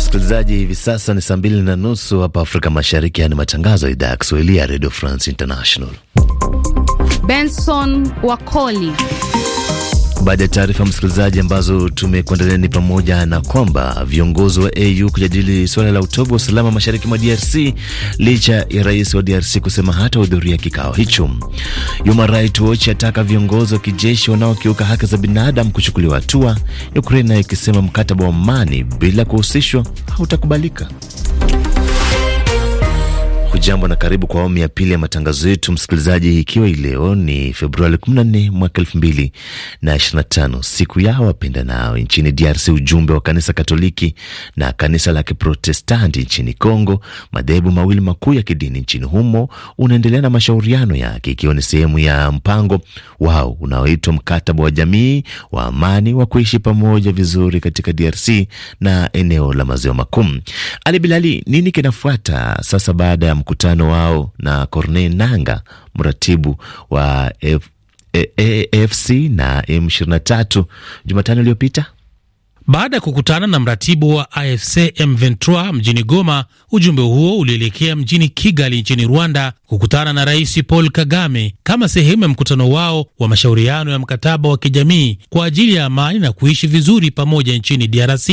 msikilizaji, hivi sasa ni saa mbili na nusu hapa Afrika Mashariki. Yani matangazo ya idhaa ya Kiswahili ya Radio France International. Benson Wakoli baada ya taarifa msikilizaji, ambazo tumekuandalia ni pamoja na kwamba viongozi wa AU kujadili suala la utovu wa usalama mashariki mwa DRC licha ya rais wa DRC kusema hatahudhuria kikao hicho. Human Rights Watch yataka viongozi wa kijeshi wanaokiuka haki za binadamu kuchukuliwa hatua, Ukraine ikisema mkataba wa amani bila kuhusishwa hautakubalika. Hujambo na karibu kwa awamu ya pili ya matangazo yetu, msikilizaji, ikiwa leo ni Februari 14 mwaka 2025, siku ya nao nchini DRC. Ujumbe wa kanisa Katoliki na kanisa la Kiprotestanti nchini congo madhehebu mawili makuu ya kidini nchini humo, unaendelea na mashauriano yake, ikiwa ni sehemu ya mpango wao unaoitwa mkataba wa jamii wa amani wa kuishi pamoja vizuri katika DRC na eneo la maziwa makuu. Ali Bilali, nini kinafuata sasa baada ya mkutano wao na corne Nanga, mratibu wa AFC e, e, na M23 Jumatano iliyopita baada ya kukutana na mratibu wa AFC M23 mjini Goma. Ujumbe huo ulielekea mjini Kigali nchini Rwanda kukutana na Rais Paul Kagame kama sehemu ya mkutano wao wa mashauriano ya mkataba wa kijamii kwa ajili ya amani na kuishi vizuri pamoja nchini DRC.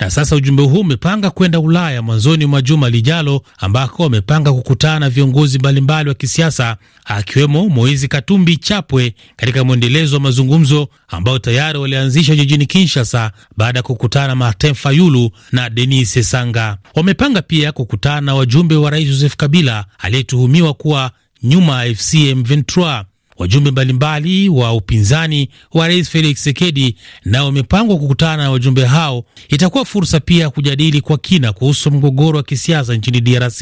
Na sasa ujumbe huo umepanga kwenda Ulaya mwanzoni mwa juma lijalo, ambako wamepanga kukutana na viongozi mbalimbali wa kisiasa akiwemo Moizi Katumbi Chapwe katika mwendelezo wa mazungumzo ambayo tayari walianzisha jijini Kinshasa baada baada ya kukutana Martin Fayulu na Denis esanga Wamepanga pia kukutana wajumbe wa rais Joseph Kabila aliyetuhumiwa kuwa nyuma ya fcm 23 Wajumbe mbalimbali wa upinzani wa rais Felix Tshisekedi nao wamepangwa kukutana na wajumbe hao. Itakuwa fursa pia ya kujadili kwa kina kuhusu mgogoro wa kisiasa nchini DRC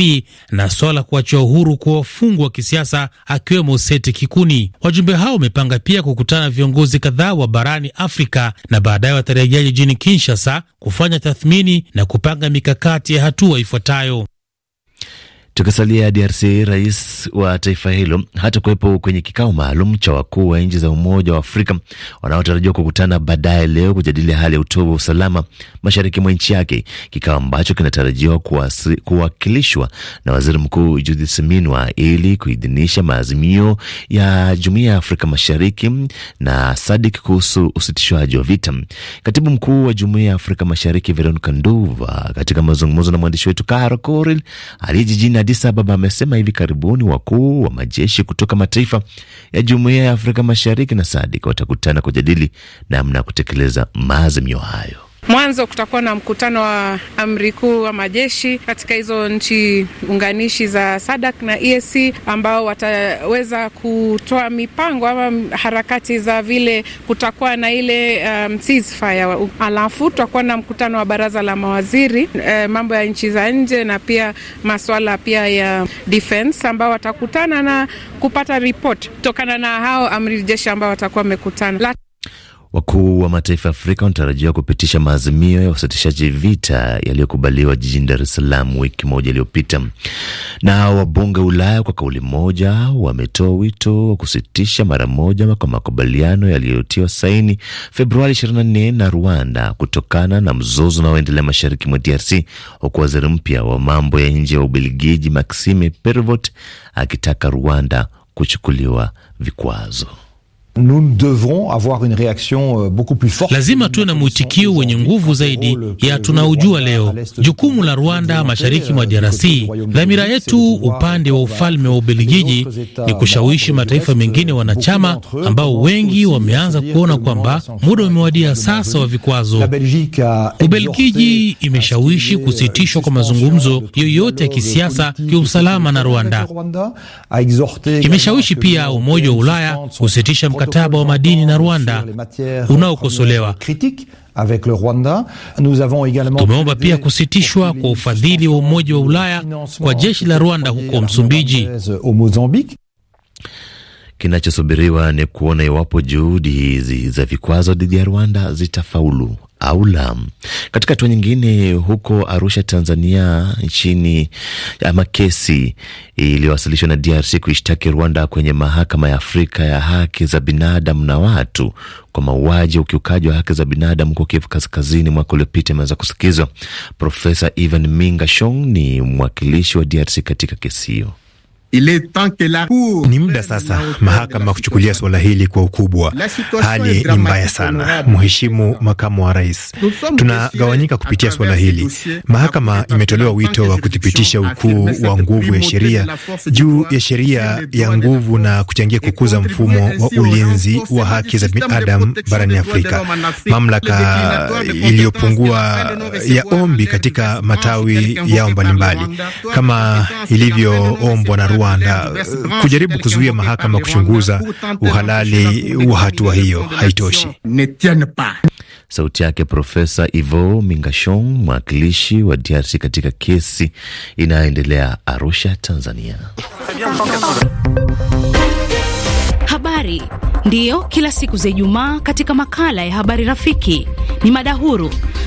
na swala kuachia uhuru kwa wafungwa wa kisiasa akiwemo Sete Kikuni. Wajumbe hao wamepanga pia kukutana na viongozi kadhaa wa barani Afrika na baadaye watarejea jijini Kinshasa kufanya tathmini na kupanga mikakati ya hatua ifuatayo. Tukisalia DRC, rais wa taifa hilo hata kuwepo kwenye kikao maalum cha wakuu wa nchi za Umoja wa Afrika wanaotarajiwa kukutana baadaye leo kujadili hali ya utovu wa usalama mashariki mwa nchi yake, kikao ambacho kinatarajiwa kuwakilishwa na waziri mkuu Judith Suminwa ili kuidhinisha maazimio ya Jumuiya ya Afrika Mashariki na SADC kuhusu usitishwaji wa vita. Katibu mkuu wa Jumuiya ya Afrika Mashariki Veronica Nduva, katika mazungumzo na mwandishi wetu Karo Koril aliye jijini Addis Ababa amesema hivi karibuni wakuu wa majeshi kutoka mataifa ya Jumuiya ya Afrika Mashariki na SADC watakutana kujadili namna ya kutekeleza maazimio hayo mwanzo kutakuwa na mkutano wa amri kuu wa majeshi katika hizo nchi unganishi za SADC na EAC ambao wataweza kutoa mipango ama harakati za vile kutakuwa na ile um, ceasefire. Alafu tutakuwa na mkutano wa baraza la mawaziri e, mambo ya nchi za nje na pia maswala pia ya defense ambao watakutana na kupata report kutokana na hao amri jeshi ambao watakuwa wamekutana. Wakuu wa mataifa ya Afrika wanatarajiwa kupitisha maazimio ya usitishaji vita yaliyokubaliwa jijini Dar es Salaam wiki moja iliyopita. Na wabunge wa Ulaya kwa kauli moja wametoa wito wa kusitisha mara moja kwa makubaliano yaliyotiwa saini Februari 24 na Rwanda kutokana na mzozo unaoendelea mashariki mwa DRC, huku waziri mpya wa mambo ya nje wa Ubelgiji Maxime Pervot akitaka Rwanda kuchukuliwa vikwazo. Euh, Lazima tuwe na mwitikio wenye nguvu zaidi ya tunaojua leo, jukumu la Rwanda mashariki mwa DRC. Dhamira yetu upande wa ufalme wa Ubelgiji ni kushawishi mataifa mengine wanachama, ambao wengi wameanza kuona kwamba muda umewadia sasa wa vikwazo. Ubelgiji imeshawishi euh, kusitishwa kwa mazungumzo yoyote ya kisiasa, kiusalama na Rwanda. Imeshawishi pia Umoja wa Ulaya kusitisha mkataba wa madini na Rwanda unaokosolewa. Tumeomba pia kusitishwa kwa ufadhili wa Umoja wa Ulaya kwa jeshi la Rwanda huko Msumbiji. Kinachosubiriwa ni kuona iwapo juhudi hizi za vikwazo dhidi ya Rwanda zitafaulu au la. Katika hatua nyingine, huko Arusha, Tanzania, nchini ama kesi iliyowasilishwa na DRC kuishtaki Rwanda kwenye mahakama ya Afrika ya haki za binadamu na watu kwa mauaji, ya ukiukaji wa haki za binadamu huko Kivu Kaskazini mwaka uliopita imeweza kusikizwa. Profesa Ivan Minga Shong ni mwakilishi wa DRC katika kesi hiyo. Ni muda sasa mahakama kuchukulia suala hili kwa ukubwa. Hali ni mbaya sana, Mheshimu Makamu wa Rais, tunagawanyika kupitia suala hili. Mahakama imetolewa wito wa kuthibitisha ukuu wa nguvu ya sheria juu ya sheria ya nguvu na kuchangia kukuza mfumo wa ulinzi wa haki za binadamu barani Afrika. Mamlaka iliyopungua ya ombi katika matawi yao mbalimbali kama ilivyoombwa na Rwanda Rwanda kujaribu kuzuia mahakama kuchunguza uhalali wa hatua hiyo haitoshi. Sauti yake Profesa Ivo Mingashong, mwakilishi wa DRC katika kesi inayoendelea Arusha, Tanzania. Habari ndiyo kila siku za Ijumaa katika makala ya Habari Rafiki ni mada huru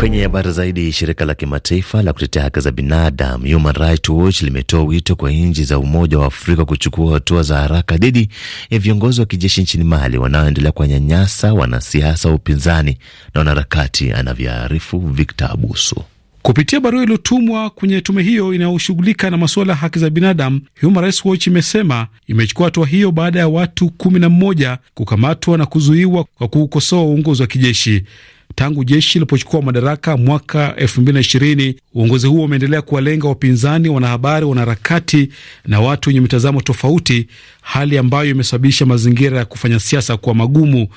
Kwenye habari zaidi, shirika la kimataifa la kutetea haki za binadamu Human Rights Watch limetoa wito kwa nchi za Umoja wa Afrika kuchukua hatua za haraka dhidi ya viongozi wa kijeshi nchini Mali wanaoendelea kuwanyanyasa wanasiasa wa upinzani na wanaharakati, anavyoarifu Victor Abuso. Kupitia barua iliyotumwa kwenye tume hiyo inayoshughulika na masuala ya haki za binadamu, Human Rights Watch imesema imechukua hatua hiyo baada ya watu kumi na mmoja kukamatwa na kuzuiwa kwa kuukosoa uongozi wa kijeshi. Tangu jeshi lilipochukua madaraka mwaka 2020 uongozi huo umeendelea kuwalenga wapinzani, wanahabari, wanaharakati na watu wenye mitazamo tofauti, hali ambayo imesababisha mazingira ya kufanya siasa kuwa magumu.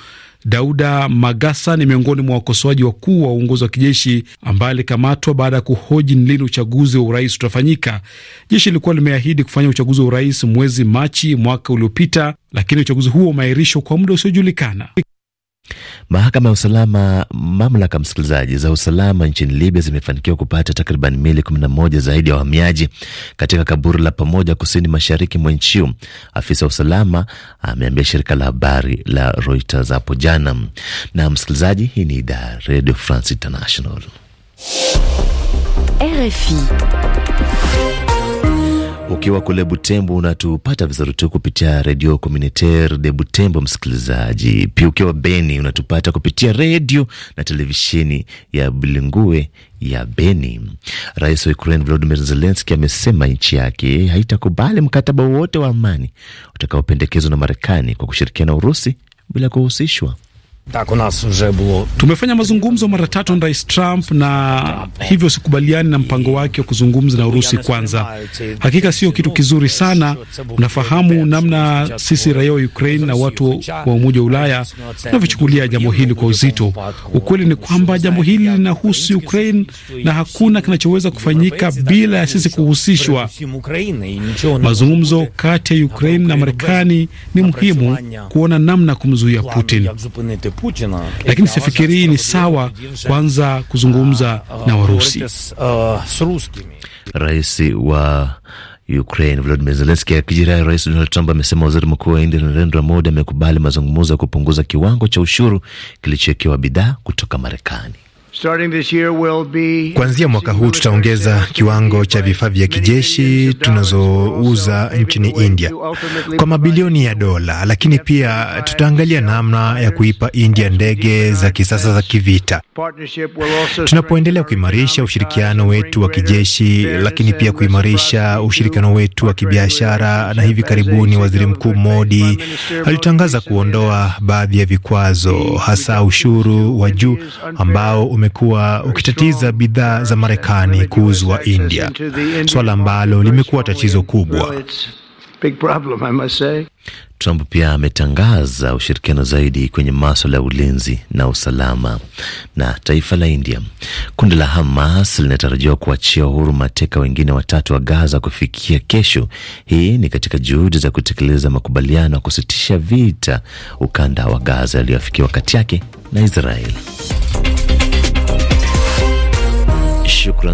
Dauda Magasa ni miongoni mwa wakosoaji wakuu wa uongozi wa kijeshi ambaye alikamatwa baada ya kuhoji ni lini uchaguzi wa urais utafanyika. Jeshi lilikuwa limeahidi kufanya uchaguzi wa urais mwezi Machi mwaka uliopita, lakini uchaguzi huo umeahirishwa kwa muda usiojulikana. Mahakama ya usalama, mamlaka msikilizaji, za usalama nchini Libya zimefanikiwa kupata takriban mili 11 zaidi ya wahamiaji katika kaburi la pamoja kusini mashariki mwa nchi hiyo, afisa wa usalama ameambia shirika la habari la Reuters hapo jana. Na msikilizaji, hii ni idhaa Radio France International, RFI. Ukiwa kule Butembo unatupata vizuri tu kupitia redio communitaire de Butembo, msikilizaji. Pia ukiwa Beni unatupata kupitia redio na televisheni ya bilingue ya Beni. Rais wa Ukraine Volodymyr Zelensky amesema nchi yake haitakubali mkataba wowote wa amani utakaopendekezwa na Marekani kwa kushirikiana na Urusi bila kuhusishwa tumefanya mazungumzo mara tatu na Rais Trump na hivyo sikubaliani na mpango wake wa kuzungumza na Urusi kwanza. Hakika sio kitu kizuri sana. Unafahamu namna sisi raia wa Ukraine na watu wa Umoja wa Ulaya tunavyochukulia jambo hili kwa uzito. Ukweli ni kwamba jambo hili linahusu Ukraine na hakuna kinachoweza kufanyika bila ya sisi kuhusishwa. Mazungumzo kati ya Ukraine na Marekani ni muhimu kuona namna kumzuia Putin lakini sifikiri ni sawa kwanza kuzungumza na Warusi. Rais wa Ukraine Volodymyr Zelensky akijira Rais Donald Trump amesema waziri mkuu wa India Narendra Modi amekubali mazungumzo ya kupunguza kiwango cha ushuru kilichowekewa bidhaa kutoka Marekani. Kuanzia mwaka huu tutaongeza kiwango cha vifaa vya kijeshi tunazouza nchini India kwa mabilioni ya dola, lakini pia tutaangalia namna ya kuipa India ndege za kisasa za kivita. Tunapoendelea kuimarisha ushirikiano wetu wa kijeshi, lakini pia kuimarisha ushirikiano wetu wa kibiashara, na hivi karibuni Waziri Mkuu Modi alitangaza kuondoa baadhi ya vikwazo, hasa ushuru wa juu ambao umekuwa ukitatiza bidhaa za Marekani kuuzwa India, swala ambalo limekuwa tatizo kubwa. Trump pia ametangaza ushirikiano zaidi kwenye maswala ya ulinzi na usalama na taifa la India. Kundi la Hamas linatarajiwa kuachia uhuru mateka wengine watatu wa Gaza kufikia kesho. Hii ni katika juhudi za kutekeleza makubaliano ya kusitisha vita ukanda wa Gaza yaliyoafikiwa kati yake na Israeli. شكرا